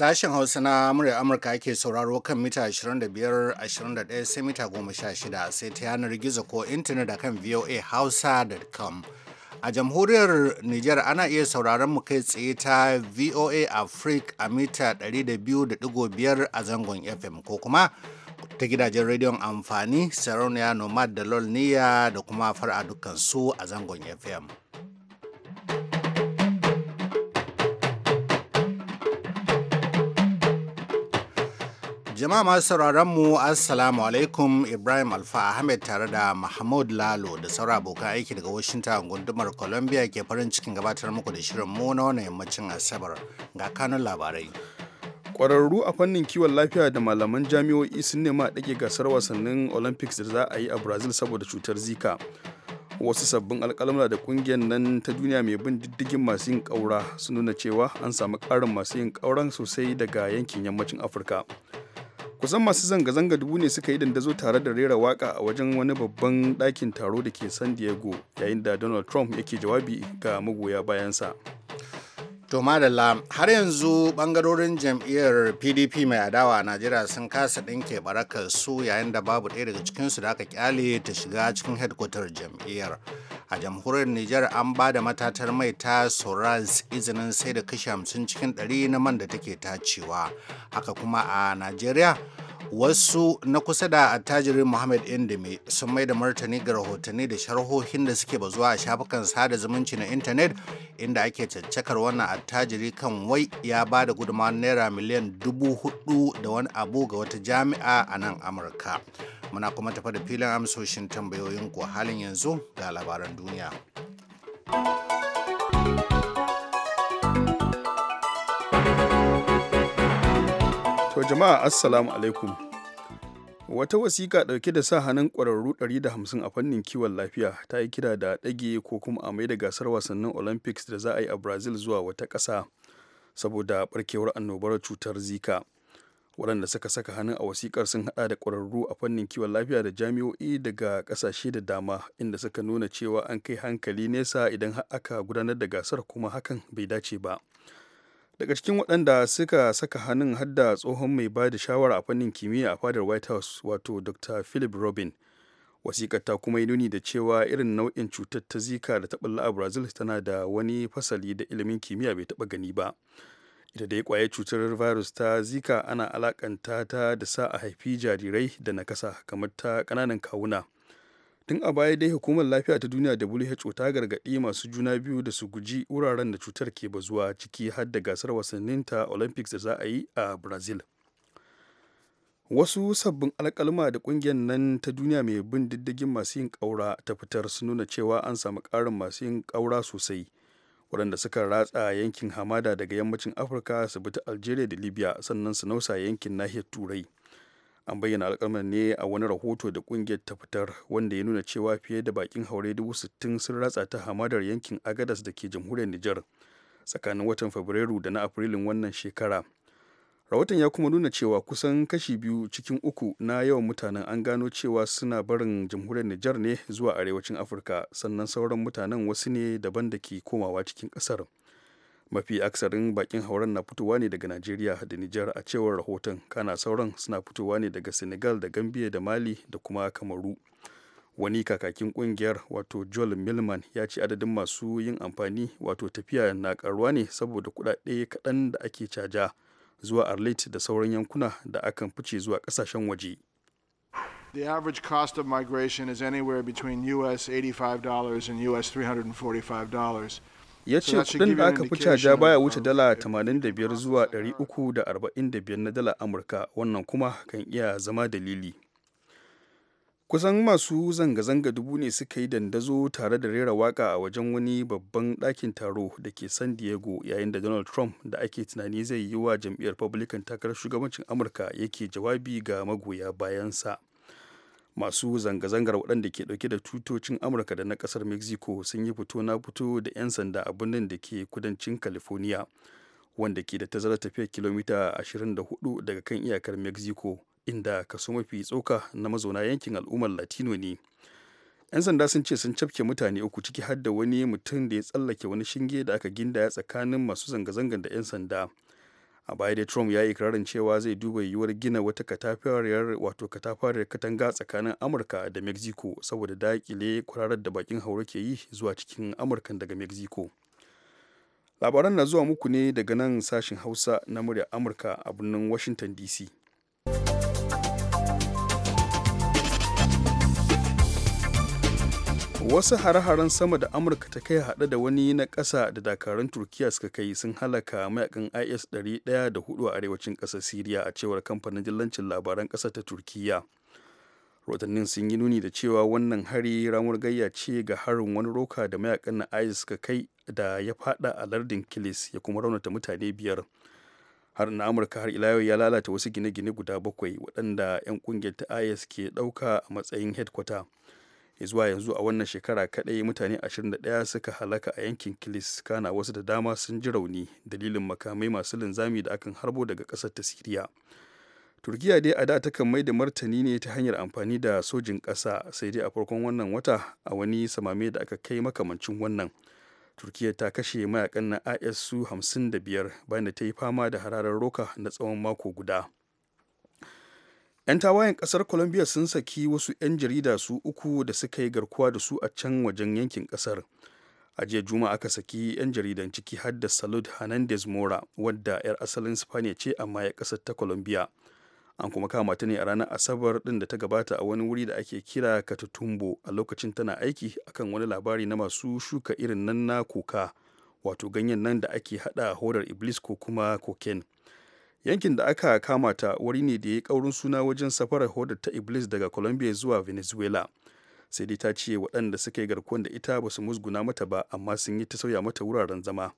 Sashen Hausa na murya Amurka ake sauraro kan mita 25-21 sai mita 16 sai ta yanar gizo ko intanet akan voahausa.com. A jamhuriyar Nijar ana iya sauraron mu kai tsaye ta VOA Africa a mita 200.5 a zangon FM ko kuma ta gidajen rediyon amfani sarauniya nomad da lolniya da kuma fara dukkan su a zangon FM. Jama'a masu sauraron mu Assalamu alaikum Ibrahim Alfa Ahmed tare da Mahmud Lalo da saura abokan aiki daga Washington gundumar Columbia ke farin cikin gabatar muku da shirin mu na wannan yammacin Asabar ga kanun labarai. kwararru a fannin kiwon lafiya da malaman jami'o'i sun nema ɗage gasar wasannin Olympics da za a yi a Brazil saboda cutar Zika. Wasu sabbin alƙalamla da kungiyar nan ta duniya mai bin diddigin masu yin ƙaura sun nuna cewa an samu ƙarin masu yin kauran sosai daga yankin yammacin Afirka. kusan masu zanga-zanga dubu ne suka yi dandazo tare da rera waka a wajen wani babban ɗakin taro da ke san diego yayin da donald trump yake jawabi ga magoya bayansa To madalla har yanzu bangarorin jam'iyyar PDP mai adawa a Najeriya sun kasa ɗinke barakar su yayin da babu ɗaya daga cikinsu da aka kyale ta shiga cikin hedkwatar jam'iyyar. A jamhuriyar Nijar an ba da matatar mai ta Sorans izinin sai da kashi hamsin cikin ɗari na man da take tacewa. Haka kuma a Najeriya wasu na kusa da attajirin muhammad indimi sun mai da martani ga rahotanni da sharhohin da suke bazuwa a shafukan sada zumunci na intanet inda ake caccakar wannan attajiri kan wai ya ba da guduma naira miliyan dubu hudu da wani abu ga wata jami'a a nan amurka muna kuma tafa da filin amsoshin tambayoyin ko halin yanzu ga labaran duniya To jama'a assalamu alaikum. wata wasiƙa ɗauke da sa hannun ƙwararru 150 a fannin kiwon lafiya ta yi kira da ɗage ko kuma a mai da gasar wasannin olympics da za a yi a brazil zuwa wata ƙasa saboda ɓarkewar annobar cutar zika waɗanda suka saka hannun a wasiƙar sun haɗa da ƙwararru a fannin kiwon lafiya da jami'o'i daga ƙasashe da dama inda suka nuna cewa an kai hankali nesa idan aka gudanar da gasar kuma hakan bai dace ba. daga cikin waɗanda suka saka hannun hadda tsohon mai ba da shawara a fannin kimiyya a fadar white house wato dr philip robin wasikar ta kuma yi nuni da cewa irin nau'in cutar ta zika da taɓalla a brazil tana da wani fasali da ilimin kimiyya bai taɓa gani ba ita dai kwaye cutar virus ta zika ana alakanta ta da sa a haifi jarirai da nakasa kamar ta ƙananan kawuna tun a baya dai hukumar lafiya ta duniya who ta gargaɗi masu juna biyu da su guji wuraren da cutar ke bazuwa ciki har da gasar wasannin ta olympics da za a yi a brazil wasu sabbin alkalma da kungiyar nan ta duniya mai bin diddigin masu yin ƙaura ta fitar su nuna cewa an samu ƙarin masu yin ƙaura sosai waɗanda suka ratsa yankin hamada daga yammacin afirka su bi ta algeria da libya sannan su nausa yankin nahiyar turai an bayyana alkalman ne a wani rahoto da ƙungiyar ta fitar wanda ya nuna cewa fiye da bakin haure dubu sittin sun ratsa ta hamadar yankin agadas da ke jamhuriyar nijar tsakanin watan fabrairu da na afrilun wannan shekara rahoton ya kuma nuna cewa kusan kashi biyu cikin uku na yawan mutanen an gano cewa suna barin jamhuriyar nijar ne zuwa arewacin afirka sannan sauran mutanen wasu ne daban da ke komawa cikin kasar mafi aksarin bakin hauren na fitowa ne daga najeriya da nijar a cewar rahoton kana sauran suna fitowa ne daga senegal da gambia da mali da kuma kamaru wani kakakin kungiyar wato joel milman ya ce adadin masu yin amfani wato tafiya na karuwa ne saboda kudade kaɗan da ake caja zuwa arlit da sauran yankuna da akan fice zuwa kasashen waje The average cost of migration is anywhere between US $85 and US $345. ya ce kudin da aka fi caja baya wuce dala 85 zuwa 345 na dala amurka wannan kuma kan iya zama dalili kusan masu zanga-zanga dubu ne suka yi dandazo tare da rera waka a wajen wani babban ɗakin taro da ke san diego yayin da donald trump da ake tunani zai yi wa jam'iyyar republican takarar shugabancin amurka yake jawabi ga magoya bayansa masu zanga-zangar waɗanda ke ɗauke da tutocin amurka da na ƙasar mexico sun yi fito na fito da 'yan sanda a birnin da ke kudancin california wanda ke da tazarar tafiya kilomita 24 daga kan iyakar mexico inda kaso mafi tsoka na mazauna yankin al'ummar latino ne 'yan sanda sun ce sun cafke mutane uku ciki har wani mutum da ya tsallake wani shinge da aka gindaya tsakanin masu zanga-zangar da 'yan sanda a baya dai trump ya yi ikirarin cewa zai duba yiwuwar gina wata katafariyar wato katafariyar katanga tsakanin amurka da mexico saboda dakile kwararar da bakin haure ke yi zuwa cikin amurka daga mexico labaran na zuwa muku ne daga nan sashen hausa na murya amurka a birnin washington dc wasu hare-haren sama da amurka ta kai hada da wani na ƙasa da dakarun turkiya suka kai sun halaka mayakan is 104 a arewacin ƙasar siriya a cewar kamfanin jillancin labaran kasa ta turkiya rotannin sun yi nuni da cewa wannan hari ramar gayya ce ga harin wani roka da mayakan na is suka kai da ya fada a lardin kilis ya kuma raunata mutane biyar har na amurka har ila yau ya lalata wasu gine-gine guda bakwai waɗanda 'yan ƙungiyar ta is ke ɗauka a matsayin headquarter zuwa yanzu a wannan shekara kadai mutane 21 suka halaka a yankin kilis kana wasu da dama sun ji rauni dalilin makamai masu linzami da akan harbo daga kasar ta siriya turkiya dai a da takan mai da martani ne ta hanyar amfani da sojin ƙasa sai dai a farkon wannan wata a wani samame da aka kai makamancin wannan turkiya ta kashe mayakan na is su 55 bayan da ta yi fama da hararar roka na tsawon mako guda 'yan tawayen kasar colombia sun saki wasu 'yan jarida su uku da suka yi garkuwa da su a can wajen yankin kasar a jiya juma aka saki 'yan jaridan ciki har da salud hernandez mora wadda 'yar asalin spaniya ce amma ya kasar ta colombia an kuma kama ta ne a ranar asabar din da ta gabata a wani wuri da ake kira katutumbo a lokacin tana aiki akan wani labari na masu shuka irin nan na koka wato ganyen nan da ake hada horar iblis ko kuma cocaine yankin da aka kama ta wuri ne da ya yi ƙaurin suna wajen safarar hodar ta iblis daga colombia zuwa venezuela sai dai ta ce waɗanda suka yi garkuwan da ita ba su musguna mata ba amma sun yi ta sauya mata wuraren zama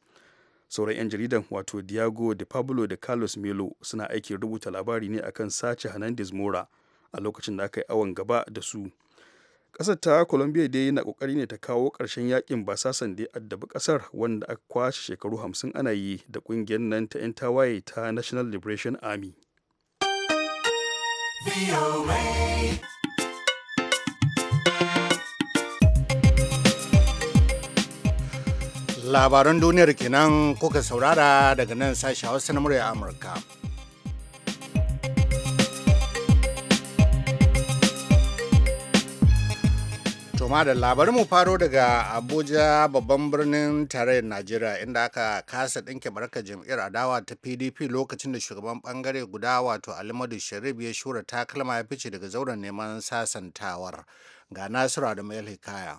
sauran 'yan jaridan wato diago de pablo da carlos melo suna aikin rubuta labari ne akan sace hernandez mora a lokacin da aka yi awon gaba da su ƙasar ta colombia dai na ƙoƙari ne ta kawo ƙarshen yakin sasan da ya addabi ƙasar wanda aka kwashe shekaru hamsin ana yi da ƙungiyar nan ta 'yan tawaye ta national liberation army labaran duniyar kenan kuka saurara daga nan sashi hausa na murya amurka da labarin mu faro daga Abuja babban birnin tarayyar Najeriya inda aka kasa ɗinke barka jam'iyyar adawa ta PDP lokacin da shugaban bangare guda wato Alimadu Sharif ya shura takalma ya fice daga zauren neman sasantawar. Ga Nasiru da Mayel Hikaya.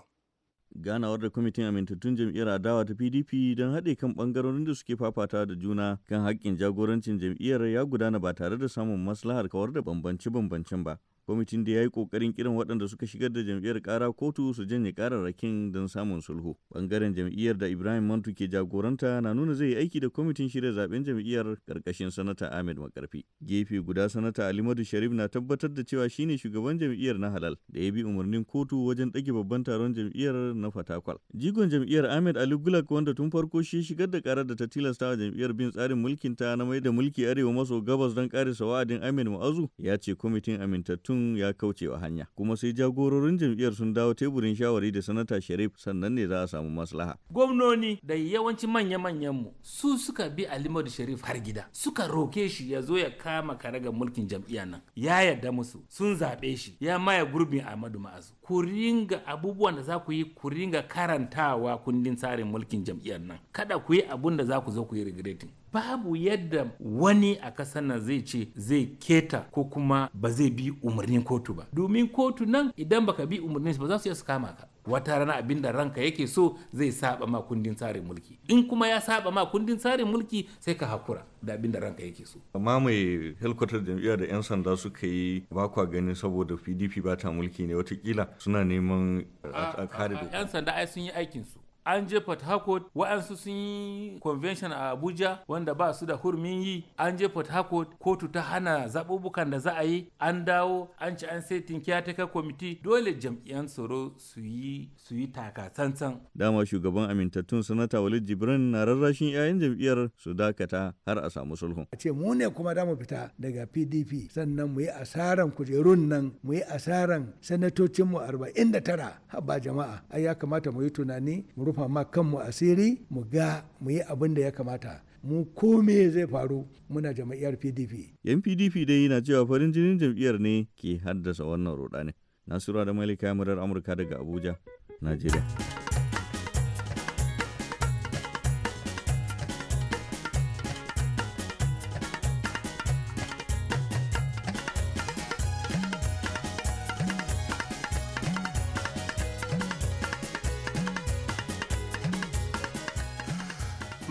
ganawar da kwamitin amintattun jam'iyyar adawa ta pdp don haɗe kan ɓangarorin da suke fafata da juna kan haƙƙin jagorancin jam'iyyar ya gudana ba tare da samun maslahar kawar da bambance-bambancen ba kwamitin da ya yi kokarin kiran waɗanda suka shigar da jam'iyyar kara kotu su janye kararrakin don samun sulhu bangaren jam'iyyar da ibrahim mantu ke jagoranta na nuna zai yi aiki da kwamitin shirya zaben jam'iyyar karkashin sanata ahmed makarfi gefe guda sanata alimadu sharif na tabbatar da cewa shine shugaban jam'iyyar na halal da ya bi umarnin kotu wajen ɗage babban taron jam'iyyar na fatakwal jigon jam'iyyar ahmed ali gulak wanda tun farko shi shigar da karar da ta tilasta wa jam'iyyar bin tsarin mulkinta na mai da mulki arewa maso gabas don karisa wa'adin ahmed mu'azu ya ce kwamitin amintattun sun ya kaucewa hanya kuma sai jagororin jam'iyyar sun dawo teburin shawari da sanata sharif sannan ne za a samu maslaha gwamnoni da yawancin manya-manyan mu su suka bi alimadu sharif har gida suka roke shi ya zo ya kama karaga mulkin jam'iyyar nan ya yarda musu sun zaɓe shi ya maye gurbin ahmadu ma'azu ku ringa abubuwan da za ku yi ku ringa karantawa kundin tsarin mulkin jam'iyyar nan kada ku yi abun da za ku zo ku yi regretting babu yadda wani a kasar nan zai ce zai keta ko kuma ba zai bi umarnin kotu ba domin kotu nan idan baka bi umarnin ba za su iya su kama ka wata rana abin da ranka yake so zai saba ma kundin tsarin mulki in kuma ya saba ma kundin tsarin mulki sai ka hakura da abin da ranka yake so amma mai helkwatar jam'iyyar da 'yan sanda suka yi bakwa ganin saboda pdp ba ta mulki ne watakila suna neman a kare 'yan sanda ai sun yi aikin su an je port harcourt wa'ansu sun yi convention a abuja wanda ba su da hurmin yi an je port harcourt kotu ta hana zaɓuɓɓukan da za a yi an dawo an ci an saitin kyataka kwamiti dole jam'iyyan tsaro su yi su taka tsantsan dama shugaban amintattun sanata walid jibrin na rarrashin 'ya'yan jam'iyyar su dakata har a samu sulhu. a ce mu ne kuma da mu fita daga pdp sannan mu yi asaran kujerun nan mu yi asaran sanatocinmu 49 ba jama'a ai ya kamata mu yi tunani mu rufa ma kanmu asiri mu ga mu yi abin da ya kamata mu kome zai faru muna jam'iyyar pdp yan pdp dai na cewa farin jinin jam'iyyar ne ke haddasa wannan rudani nasiru da malika murar amurka daga abuja najeriya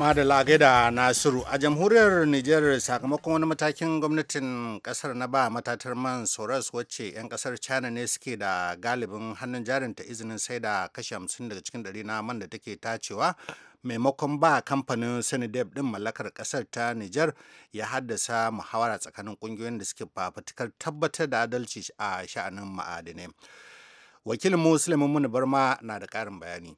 madala da nasiru a jamhuriyar niger sakamakon wani matakin gwamnatin kasar na ba matatar man soros wacce 'yan kasar china ne suke da galibin hannun jarinta izinin sai da kashi 50 daga cikin ɗari na man da take tacewa maimakon ba kamfanin senadeb din mallakar kasar ta niger ya haddasa muhawara tsakanin kungiyoyin da suke fafutukar tabbatar da adalci a sha'anin ma'adinai wakilin muslimin muni barma na da karin bayani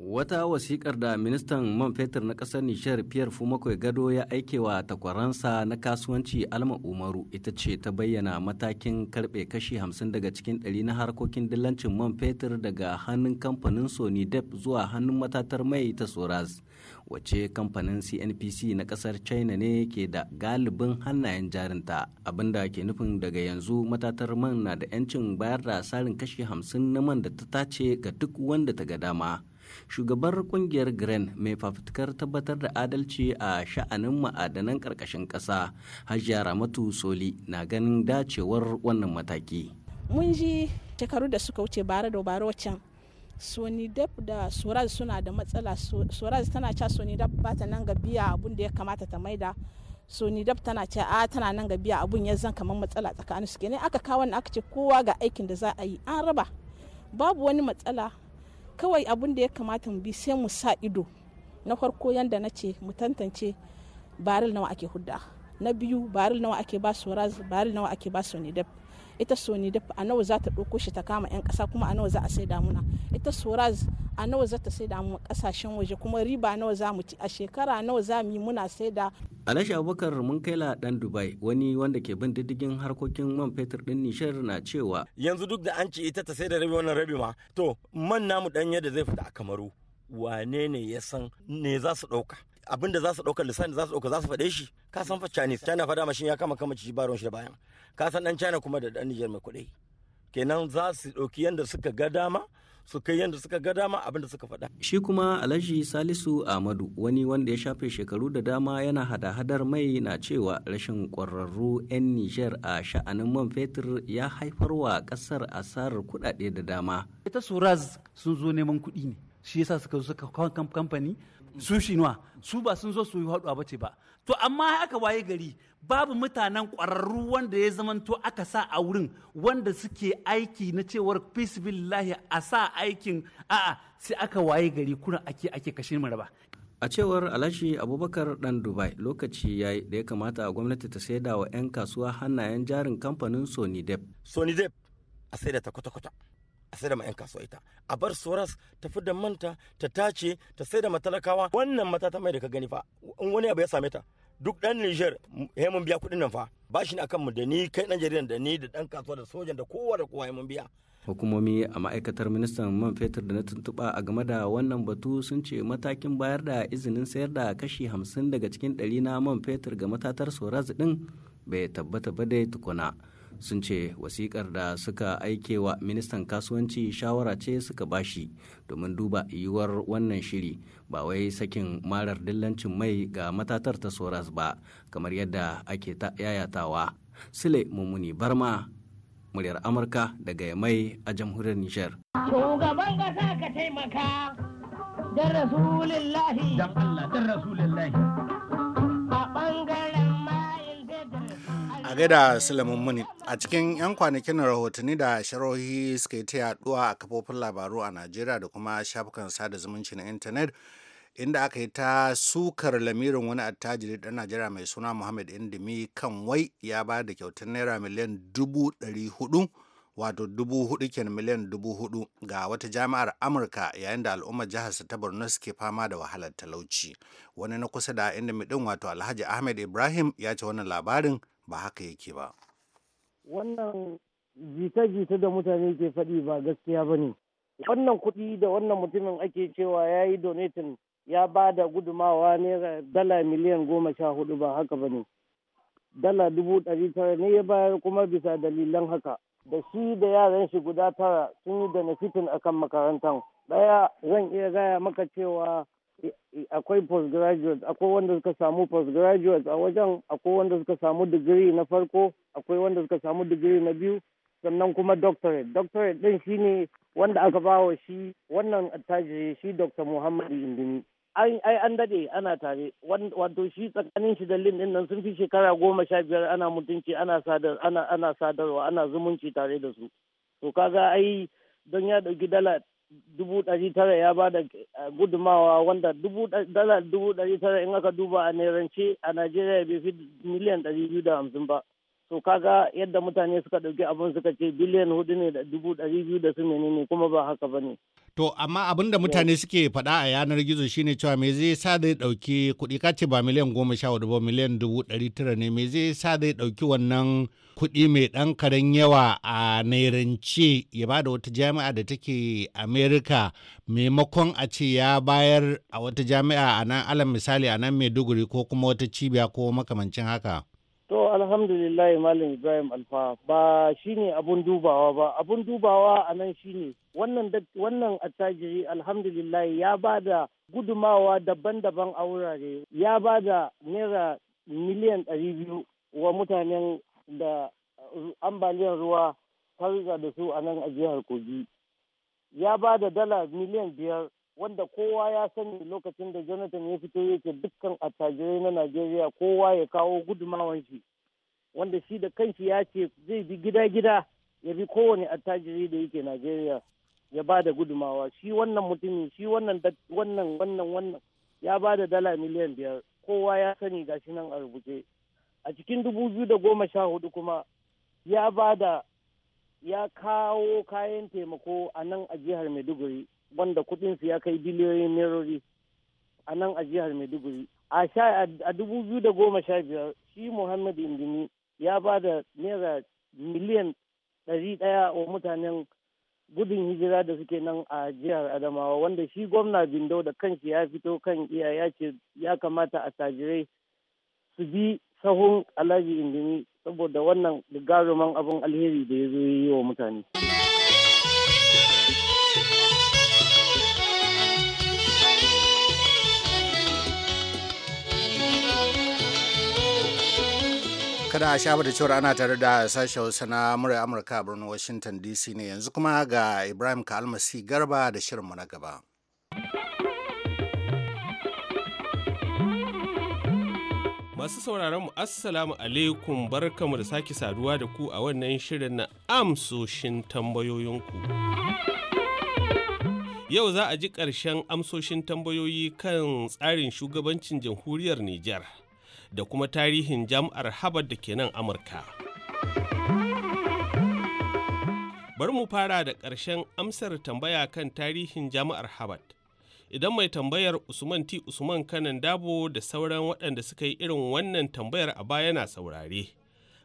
Wata wasikar da ministan man fetur na ƙasar Nishar Pierre Fumakwai Gado ya aikewa takwaransa na kasuwanci Alma Umaru ita ce ta bayyana matakin karbe kashi 50 daga cikin ɗari na harkokin dillancin man fetur daga hannun kamfanin Sony Dep zuwa hannun matatar mai ta Soraz, Wace kamfanin CNPC na ƙasar China ne ke da galibin hannayen jarinta, abinda ke nufin daga yanzu matatar man na da 'yancin bayar da asarin kashi 50 na man da ta tace ga duk wanda ta ga dama. shugabar kungiyar gren mai fafutukar tabbatar da adalci a sha'anin ma'adanan karkashin kasa hajiya ramatu soli na ganin dacewar wannan mataki mun ji shekaru da suka wuce bare da bare wacan sonidap da soraz suna da matsala soraz tana ca sonidap ba ta nan ga biya abun da ya kamata ta maida sonidap tana ce a tana nan ga biya abun ya zan kamar matsala tsakanin su kenan aka kawo aka ce kowa ga aikin da za a yi an raba babu wani matsala kawai abin da ya kamata mu bi sai mu sa ido na farko yanda na ce mu tantance baril nawa ake hudda na biyu baril nawa ake ba su baril nawa ake ba su ita soni dafa a nawa za ta ɗauko shi ta kama 'yan ƙasa kuma a nawa za a sai damuna ita soraz a nawa za ta sai damu ƙasashen waje kuma riba nawa za mu ci a shekara nawa za mu yi muna sai da Alhaji Abubakar mun kaila dan Dubai wani wanda ke bin diddigin harkokin man fetur ɗin Nishar na cewa yanzu duk da an ci ita ta sai da rabi wannan rabi ma to man namu dan yadda zai fita a Kamaru wane ne ya san ne za su ɗauka abin da za su ɗauka lissani za su ɗauka za su faɗe shi ka san fa chinese china fa dama shi ya kama kama ci baron shi da bayan ka san dan china kuma da dan niger mai kuɗi kenan za su ɗauki yadda suka ga dama su kai yadda suka ga dama abin da suka faɗa. shi kuma alhaji salisu ahmadu wani wanda ya shafe shekaru da dama yana hada-hadar mai na cewa rashin kwararru 'yan niger a sha'anin man fetur ya haifar wa kasar asarar kuɗaɗe da dama. ita suraz sun zo neman kuɗi ne shi yasa suka zo suka kamfani su shinuwa su ba sun zo su yi haɗuwa ba ce ba to amma aka waye gari babu mutanen ƙwararru wanda ya zamanto aka sa a wurin wanda suke aiki na cewar peace billahi a sa aikin a'a sai aka waye gari kuna ake ake kashe mara ba a cewar alashi abubakar dan dubai lokaci ya da ya kamata a gwamnati ta saida wa 'yan kasuwa hannayen jarin kamfanin sony dep sony dep a saida ta kwata-kwata a sai da ma kasuwa ita a bar soras ta fi da manta ta tace ta sai da matalakawa wannan mata ta mai da ka gani fa in wani abu ya same ta duk dan Niger mun biya kudin nan fa ba shi ne akan mu da ni kai dan jaridan da ni da dan kasuwa da sojan da kowa da kowa ya mun biya hukumomi a ma'aikatar ministan man fetur da na tuntuba a game da wannan batu sun ce matakin bayar da izinin sayar da kashi hamsin daga cikin ɗari na man fetur ga matatar soraz din bai tabbata ba dai tukuna sun ce wasikar da suka aike wa ministan kasuwanci shawara ce suka bashi domin duba yiwuwar wannan shiri ba wai sakin marar dillancin mai ga matatar ta soras ba kamar yadda ake ta yayatawa sile mummuni barma muryar amurka daga mai a jamhuriyar nijar shugaban kasa ka taimaka da a gada sulamin muni a cikin 'yan kwanakin rahotanni da sharohi suka yi ta yaduwa a kafofin labaru a najeriya da kuma shafukan sada zumunci na intanet inda aka yi ta sukar lamirin wani attajiri dan najeriya mai suna muhammad indimi kan wai ya ba da kyautar naira miliyan dubu ɗari hudu wato dubu hudu kenan miliyan dubu hudu ga wata jami'ar amurka yayin da al'ummar jihar ta borno suke fama da wahalar talauci wani na kusa da inda din wato alhaji ahmed ibrahim ya ce wannan labarin ba haka yake ba wannan jita-jita da mutane ke faɗi ba gaskiya ba ne wannan kuɗi da wannan mutumin ake cewa ya yi donatin ya ba da gudumawa ne dala miliyan goma sha hudu ba haka ba ne dala dubu ɗari tara ne ya bayar kuma bisa dalilan haka da shi da yaran shi guda tara sun yi da nafitin akan makarantar ɗaya zan iya gaya maka cewa akwai postgraduate akwai wanda suka samu postgraduate a wajen akwai wanda suka samu digiri na farko akwai wanda suka samu digiri na biyu sannan kuma doctorate doctorate din shine wanda aka bawa shi wannan attajiri shi dr muhammad indini ai an dade ana tare wato shi tsakanin shi da lin din nan sun fi shekara goma sha biyar ana mutunci ana sadar ana ana sadarwa ana zumunci tare da su to kaga ai don ya dauki dala dubu ɗari tara ya ba da eh, gudumawa wanda dala dubu ɗari tara in aka duba a nerance a najeriya bai fi miliyan ɗari biyu da hamsin ba so kaga yadda mutane suka ɗauki abin suka ce biliyan hudu ne da dubu ɗari biyu da su menene kuma ba haka ba ne. To amma abin da mutane suke faɗa a yanar gizo shine cewa me zai sa zai ɗauki kuɗi ka ce ba miliyan goma sha hudu ba miliyan dubu ɗari tara ne me zai sa zai ɗauki wannan kuɗi mai ɗan karen yawa a nairance ya ba da wata jami'a da take amerika maimakon a ce ya bayar a wata jami'a a nan alal misali a nan maiduguri ko kuma wata cibiya ko makamancin haka. To alhamdulillah Malam Ibrahim Alfa ba shi ne abun dubawa ba abun dubawa a nan shi ne wannan attajiri alhamdulillah ya ba da gudumawa daban-daban a wurare ya ba da naira miliyan ɗari biyu wa mutanen da uh, ambaliyar ruwa ta da su a nan a jihar Kogi ya ba da dala miliyan biyar wanda kowa ya sani lokacin da jonathan ya fito yake dukkan attajirai na najeriya kowa ya kawo gudumawan shi wanda shi da kanshi ya ce zai bi gida-gida ya bi kowane attajiri da yake najeriya ya ba da gudumawa shi wannan mutumin shi wannan wannan wannan wannan ya ba da dala miliyan biyar kowa ya sani gashi nan a rubuce a cikin dubu biyu da goma sha hudu kuma ya ba da ya kawo kayan taimako a nan a jihar maiduguri wanda kudinsu ya kai biliyoyin nerori a nan a jihar maiduguri a dubu biyu da goma sha biyar shi muhammad indimi ya ba da naira miliyan ɗari ɗaya wa mutanen gudun hijira da suke nan a jihar adamawa wanda shi gwamna bindo da kanshi ya fito kan iya ya ya kamata a tajirai su bi sahun alhaji indimi saboda wannan gagaruman abin alheri da ya zo yi wa mutane. kada a sha da cewar ana tare da sashen hausa na murai amurka a birnin washington dc ne yanzu kuma ga ibrahim kalmasi garba da shirin mu na gaba masu sauraron mu assalamu alaikum barkamu da sake saduwa da ku a wannan shirin na amsoshin tambayoyinku yau za a ji ƙarshen amsoshin tambayoyi kan tsarin shugabancin jamhuriyar nijar da kuma tarihin jami'ar Harvard da ke nan Amurka. Bari mu fara da ƙarshen amsar tambaya kan tarihin jami'ar Harvard. Idan mai tambayar Usman T. Usman kanan dabo da sauran waɗanda suka yi irin wannan tambayar a baya na saurare.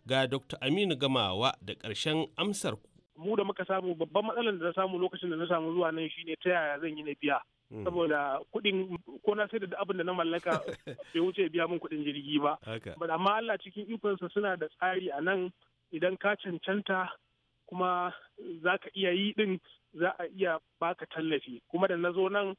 Ga Dr. Aminu Gamawa da ƙarshen amsar ku. Mu da muka samu babban matsalar da na samu lokacin da na samu zuwa nan shine ta yaya zan yi na biya. Mm. saboda kuɗin ko na sai da abin da na mallaka bai wuce biya min kuɗin jirgi ba ba amma Allah cikin ikonsa suna da tsari a nan idan ka cancanta kuma za ka iya yi ɗin za a iya baka tallafi kuma da na zo nan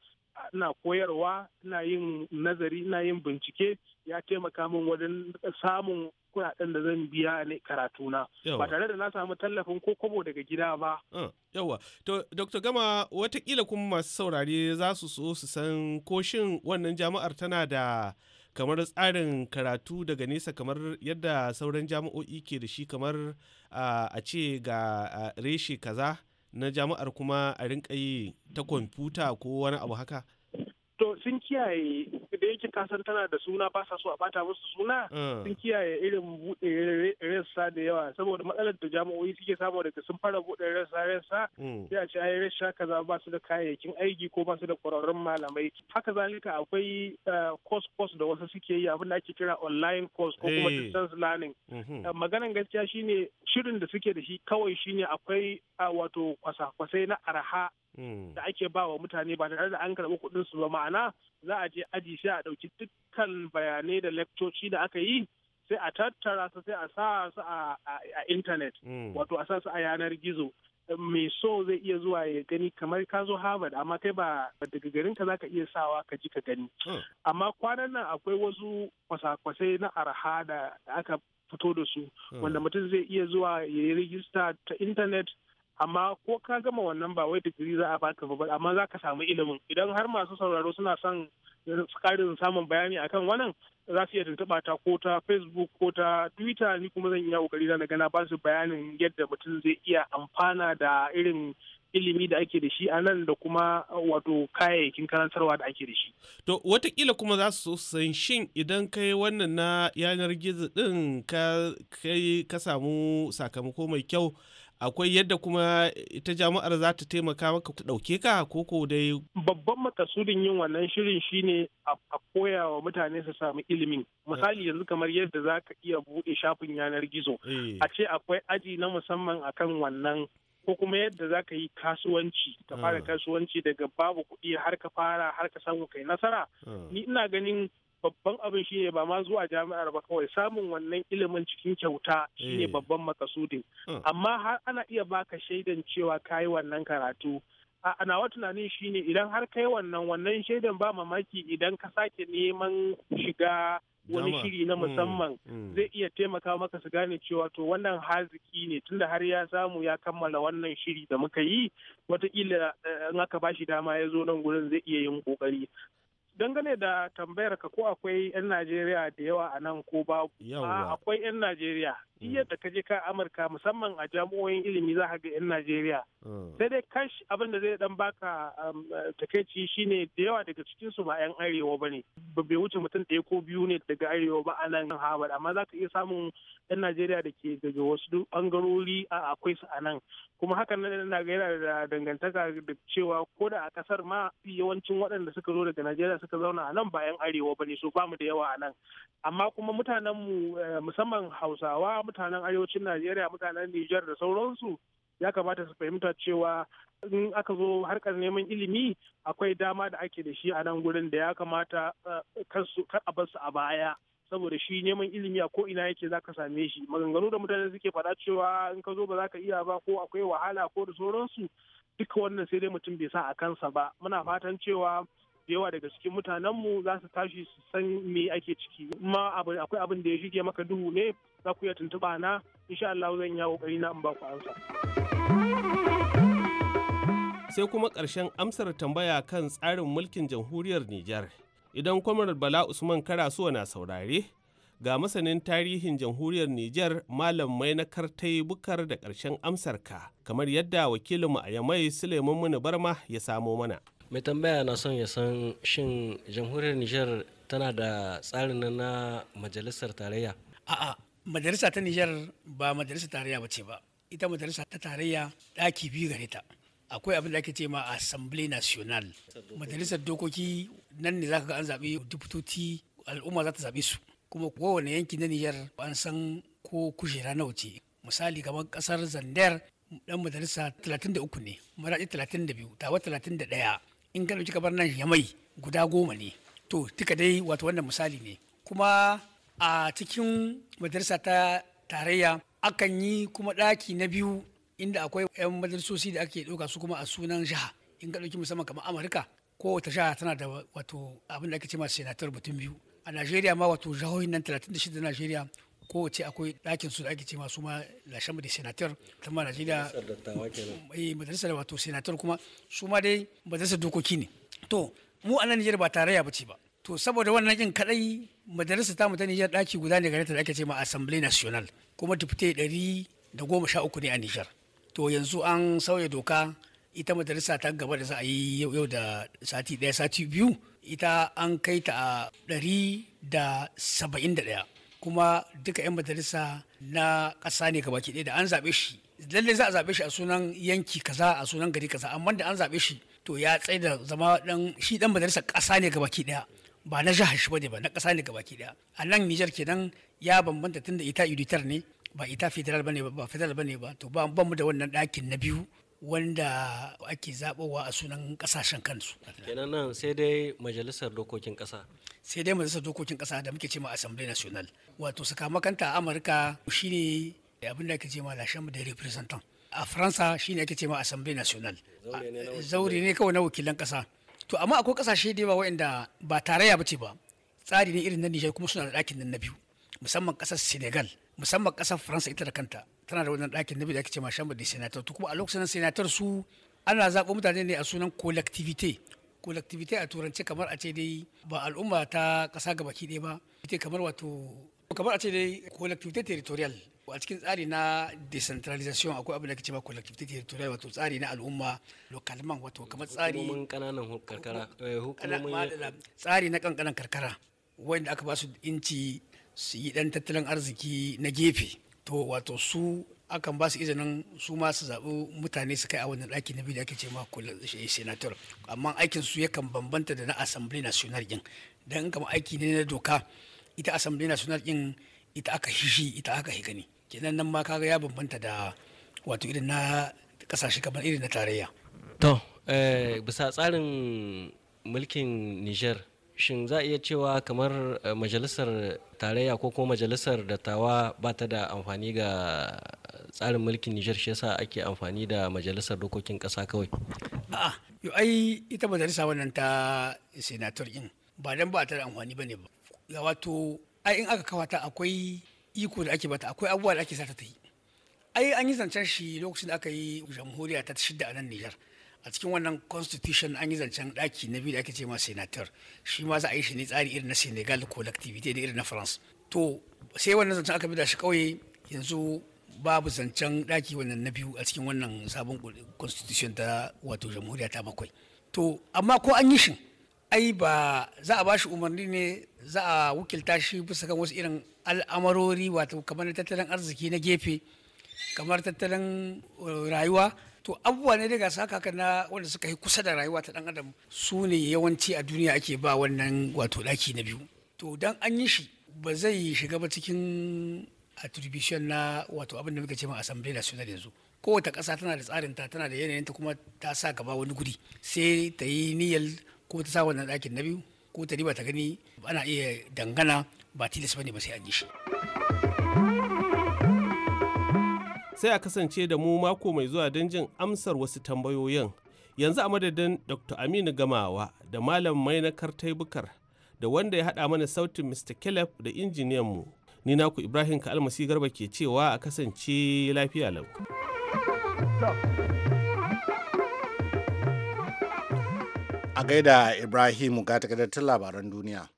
ina koyarwa ina yin nazari ina yin bincike ya taimaka min wajen samun kuɗaɗen da zan biya ne karatuna ba tare da na samu tallafin ko kobo daga gida ba. Yawa, to Dr. Gama watakila kuma masu saurare za su so su san ko shin wannan jami'ar tana da kamar tsarin karatu daga nesa kamar yadda sauran jami'o'i ke da shi kamar ah, a ce ga ah, reshe kaza. na jami'ar kuma a rinka yi ta kwamfuta ko wani abu haka to sun kiyaye da yake kasan tana da suna ba sa so a bata musu suna mm. sun kiyaye irin buɗe rassa da yawa saboda matsalar da jami'o'i suke samu daga sun fara buɗe rassa rassa mm. sai a ce ai rassa kaza ba su da kayayyakin aiki ko ba su da kwararrun malamai haka zalika akwai eh, course course da wasu suke yi abin da ake kira online course ko kuma eh. distance learning mm-hmm. eh, maganan gaskiya shine shirin da suke da shi kawai shine akwai wato kwasa-kwasai na arha Hmm. da ake ba wa mutane ba tare da an karɓi kuɗin su ba ma'ana za a je aji sai a ɗauki dukkan bayanai da lekcoci da aka yi sai a tattara su sai a sa su a intanet hmm. wato a sa su a yanar gizo mai so zai iya zuwa ya gani kamar ka zo harvard amma kai ba daga garin ka zaka iya sawa ka ji ka gani hmm. amma kwanan nan akwai wasu kwasa-kwasai na arha da aka fito da su wanda mutum zai iya zuwa ya yi rijista ta intanet amma ko ka gama wannan ba wai digiri za a baka ba amma za ka samu ilimin idan har masu sauraro suna son karin samun bayani akan wannan za su iya tuntuɓa ta ko ta facebook ko ta twitter ni kuma zan iya kokari na gana ba su bayanin yadda mutum zai iya amfana da irin ilimi da ake da shi a nan da kuma wato kayayyakin karantarwa da ake da shi. To watakila kuma za su san shin idan kai wannan na yanar gizo din ka samu sakamako mai kyau akwai yadda kuma ita jami'ar za ta taimaka maka ta ɗauke ka ko ko dai babban makasudin yin wannan shirin shine a koya wa mutane su samu ilimin misali eh. yanzu kamar yadda za ka iya buɗe shafin yanar gizo eh. a ce akwai aji na musamman akan wannan ko kuma yadda za ka yi kasuwanci ta fara ah. kasuwanci daga babu kuɗi har ka fara har ka samu kai nasara ah. ni ina ganin babban abin shi ne ba ma zuwa jami'ar ba kawai samun wannan ilimin cikin kyauta shi ne eh. babban makasudin hmm. amma har ana iya baka shaidan cewa kayi wannan karatu a nawa tunanin ne idan har kai wannan wannan shaidan ba mamaki idan ka sake neman shiga wani shiri na hmm. musamman hmm. zai iya taimaka maka su gane cewa to wannan haziki ne tunda har ya samu ya kammala wannan shiri da muka yi wataƙila eh, in aka ba shi dama ya zo nan gurin zai iya yin ƙoƙari dangane da tambayar ka ko akwai 'yan Najeriya da yawa a nan ko babu. Ah, akwai 'yan Najeriya duk yadda ka je ka amurka musamman a jami'o'in ilimi za ka ga 'yan najeriya hmm. sai dai kash abin da zai dan baka um, takaici shine da yawa daga cikin su ba 'yan arewa ba ne bai wuce mutum ɗaya ko biyu ne daga arewa ba a nan harvard amma za ka iya samun 'yan najeriya da ke daga wasu bangarori a akwai su a nan kuma hakan nan ga yana da dangantaka da cewa ko da a kasar ma yawancin waɗanda suka zo daga najeriya suka zauna a nan ba 'yan arewa ba ne so ba mu da yawa a nan amma kuma mutanenmu eh, musamman hausawa mutanen arewacin najeriya mutanen nijar da sauransu ya kamata su fahimta cewa in aka zo harkar neman ilimi akwai dama da ake da shi a nan gurin da ya kamata eh, kar a bar su a baya saboda shi neman ilimi a ko ko'ina yake za ka same shi maganganu da mutane suke faɗa cewa in ka zo ba za ka iya ba ko akwai wahala ko da sauransu duka wannan sai dai mutum bai sa a kansa ba muna fatan cewa yawa daga cikin mutanenmu za su tashi su san me ake ciki kuma akwai abin da ya shige maka duhu ne za ku iya tuntuɓa na insha Allah zan yi kokari na in ba ku amsa sai kuma ƙarshen amsar tambaya kan tsarin mulkin jamhuriyar Nijar idan kwamar Bala Usman Karasuwa na saurare ga masanin tarihin jamhuriyar Nijar Malam mai na kartai bukar da ƙarshen amsarka kamar yadda wakilinmu a Yamai Suleiman Muni Barma ya samo mana. mai tambaya na son ya san shin jamhuriyar nijar tana da tsarin na majalisar tarayya a'a majalisa ta nijar ba majalisa tarayya ba ce ba ita majalisa ta tarayya daki biyu gare ta akwai abin da ake ce ma assembly national majalisar dokoki nan ne zaka ga an zaɓi diputoti al'umma za ta zaɓi su kuma kowane yanki na nijar an san ko kujera nawa ce misali kamar ƙasar zandar dan majalisa 33 ne maraɗi 32 tawa 31 in ka ɗauki kamar nan yamai guda goma ne to duka dai wato wannan misali ne kuma a cikin madarsa ta tarayya akan yi kuma ɗaki na biyu inda akwai 'yan madarsosi da ake ɗauka su kuma a sunan jiha in ka ɗauki musamman kamar amurka ko wata jiha tana da wato abin da ake ce masu senator mutum biyu a najeriya ma wato jihohin nan 36 na najeriya ko kowace akwai ɗakin su da ake ce masu ma la chambre de ta ma Najeriya majalisar eh, wato sinatar kuma su ma dai majalisar dokoki ne to mu a nan Nijar ba tarayya ba ce ba to saboda wannan kin kadai majalisar ta mutane ya daki guda ne gare ta da ake ce ma Assemblée nationale kuma dubte ɗari da goma sha uku ne a Nijar to yanzu an sauya doka ita majalisa ta gaba da za a yi yau da sati ɗaya sati biyu ita an kai ta a ɗari da saba'in da ɗaya kuma duka 'yan majalisa na ƙasa ne gabaki ɗaya da an zaɓe shi lalle za a zaɓe shi a sunan yanki kaza a sunan gari kaza amma da an zaɓe shi to ya tsaye da zama ɗan shi dan majalisa ƙasa ne gabaki ɗaya ba na jihar shi bane ba na ƙasa ne gabaki ɗaya a nan Nijar kenan ya bambanta tunda ita uditar ne ba ita federal bane ba ba federal bane ba to ba mu da wannan ɗakin na biyu wanda ake zabowa a sunan kasashen kansu. kenan nan sai dai majalisar dokokin ƙasa sai dai majalisar dokokin ƙasa da muke cewa assembly national wato sakamakanta a amurka shine abin da ake cewa la chambre des représentants a faransa shine ake cewa assembly national Zauri ne kawai na wakilan ƙasa to amma akwai ƙasashe da yawa waɗanda ba tarayya ba ce ba tsari ne irin na nijar kuma suna da ɗakin nan na biyu musamman ƙasar senegal musamman ƙasar faransa ita da kanta tana da wannan ɗakin nabi da ake ce ma shamba da senator to kuma a lokacin senator su ana zaɓo mutane ne a sunan collectivity collectivity a turance kamar a ce dai ba al'umma ta ƙasa ga baki ɗaya ba ita kamar wato kamar a ce dai collectivity territorial a cikin tsari na decentralization akwai abin da ake cewa collectivity territorial wato tsari na al'umma man wato kamar tsari kananan karkara eh, tsari na kankanan karkara wanda aka ba su inci su yi dan tattalin arziki na gefe to wato su akan ba su izinin su ma su zaɓi mutane su kai a wannan ɗaki na biyu da ake ce ma senator amma aikin su yakan bambanta da na assembly national din dan in kama aiki ne na doka ita assembly national din ita aka shishi ita aka hikani kenan nan ma kaga ya bambanta da wato irin na kasashe kamar irin na tarayya to eh, bisa tsarin mulkin niger shin za a iya cewa kamar eh, majalisar tarayya ko kuma majalisar dattawa ba ta da amfani ga tsarin mulkin nijar shi yasa ake amfani da majalisar dokokin ƙasa kawai a'a yo ai ita majalisa wannan ta senator in ba dan ba ta da amfani bane ba ga wato ai in aka kawata akwai iko da ake bata akwai abubuwa da ake sa ta yi ai an yi zancen shi lokacin da aka yi jamhuriya ta shidda a nan nijar a cikin wannan constitution an yi zancen daki na biyu da ake ce ma senator shi ma za a yi shi ne tsari irin na senegal collectivity da irin na france to sai wannan zancen aka bi da shi kawai yanzu babu zancen daki wannan na biyu a cikin wannan sabon constitution ta wato jamhuriya ta bakwai to amma ko an yi shi ai ba za a ba shi umarni ne za a wukilta shi bisa kan wasu irin al'amarori wato kamar tattalin arziki na gefe kamar tattalin eh, rayuwa to abubuwa ne daga saka na wanda suka yi kusa da rayuwa ta dan adam su ne yawanci a duniya ake ba wannan wato daki na biyu to dan an yi shi ba zai shiga ba cikin attribution na wato abin da muka ce ma assembly national yanzu kowace ƙasa tana da tsarin ta tana da yanayin ta kuma ta sa gaba wani guri sai ta yi niyyar ko ta sa wannan ɗakin na biyu ko ta riba ta gani ana iya dangana ba tilas ne ba sai an yi shi. sai a kasance da mu mako mai zuwa don jin amsar wasu tambayoyin yanzu a madadin dr aminu gamawa da malam mai na kartai da wanda ya haɗa mana sautin mr caleb da injiniyan mu ni naku ibrahim kalmasi garba ke cewa a kasance lafiya lau a gaida ibrahim ga takardar labaran duniya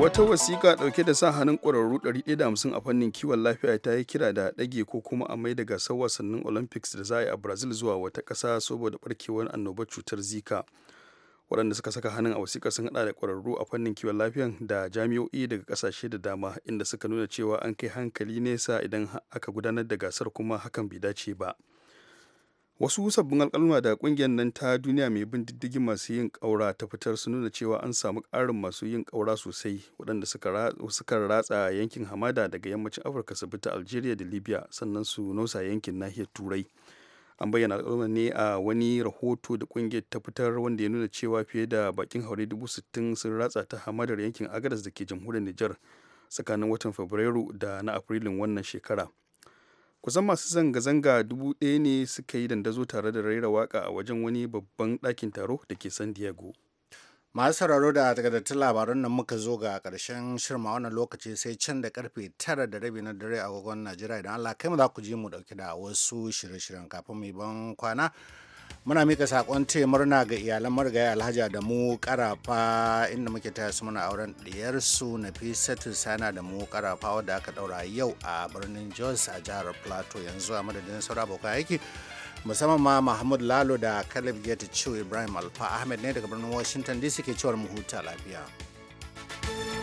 wata wasiƙa ɗauke da sa hannun ƙwararru 150 a fannin kiwon lafiya ta yi kira da ɗage ko kuma a mai da gasar wasannin olympics da za a yi a brazil zuwa wata ƙasa saboda ɓarkewar annobar cutar zika waɗanda suka saka hannun a wasiƙa sun haɗa da ƙwararru a fannin kiwon lafiyan da jami'o'i daga ƙasashe da dama inda suka nuna cewa an kai hankali nesa idan aka gudanar da gasar kuma hakan bai dace ba. wasu sabbin alkalma da kungiyar nan ta duniya mai bin diddigin masu yin ƙaura ta fitar su nuna cewa an samu ƙarin masu yin ƙaura sosai waɗanda suka ratsa yankin hamada daga yammacin afirka su fita algeria da libya sannan su nausa yankin nahiyar turai an bayyana alkalma ne a wani rahoto da kungiyar ta fitar wanda ya nuna cewa fiye da bakin haure dubu sittin sun ratsa ta hamadar yankin agadas da ke jamhuriyar nijar tsakanin watan fabrairu da na afrilun wannan shekara kusan masu zanga-zanga dubu ɗaya ne suka yi dandazo tare da raira waka a wajen wani babban ɗakin taro da ke san diego masu sauraro da takardattun labaran nan muka zo ga karshen shirma wannan lokaci sai can da karfe tara da rabi na dare a agogon najeriya idan allah kai mu za ku ji mu dauke da wasu shirye-shiryen kafin mu yi ban kwana muna mika sakon ce murna ga iyalan marigaya alhaji da mu karafa inda muke taya su muna auren diyarsu na fisatu sana da mu karafa wadda aka daura yau a birnin jos a jihar plateau yanzu a madadin saura abokan aiki musamman ma mahmud lalo da kalib get ibrahim alfa ahmed ne daga birnin washington dc ke cewar mu huta lafiya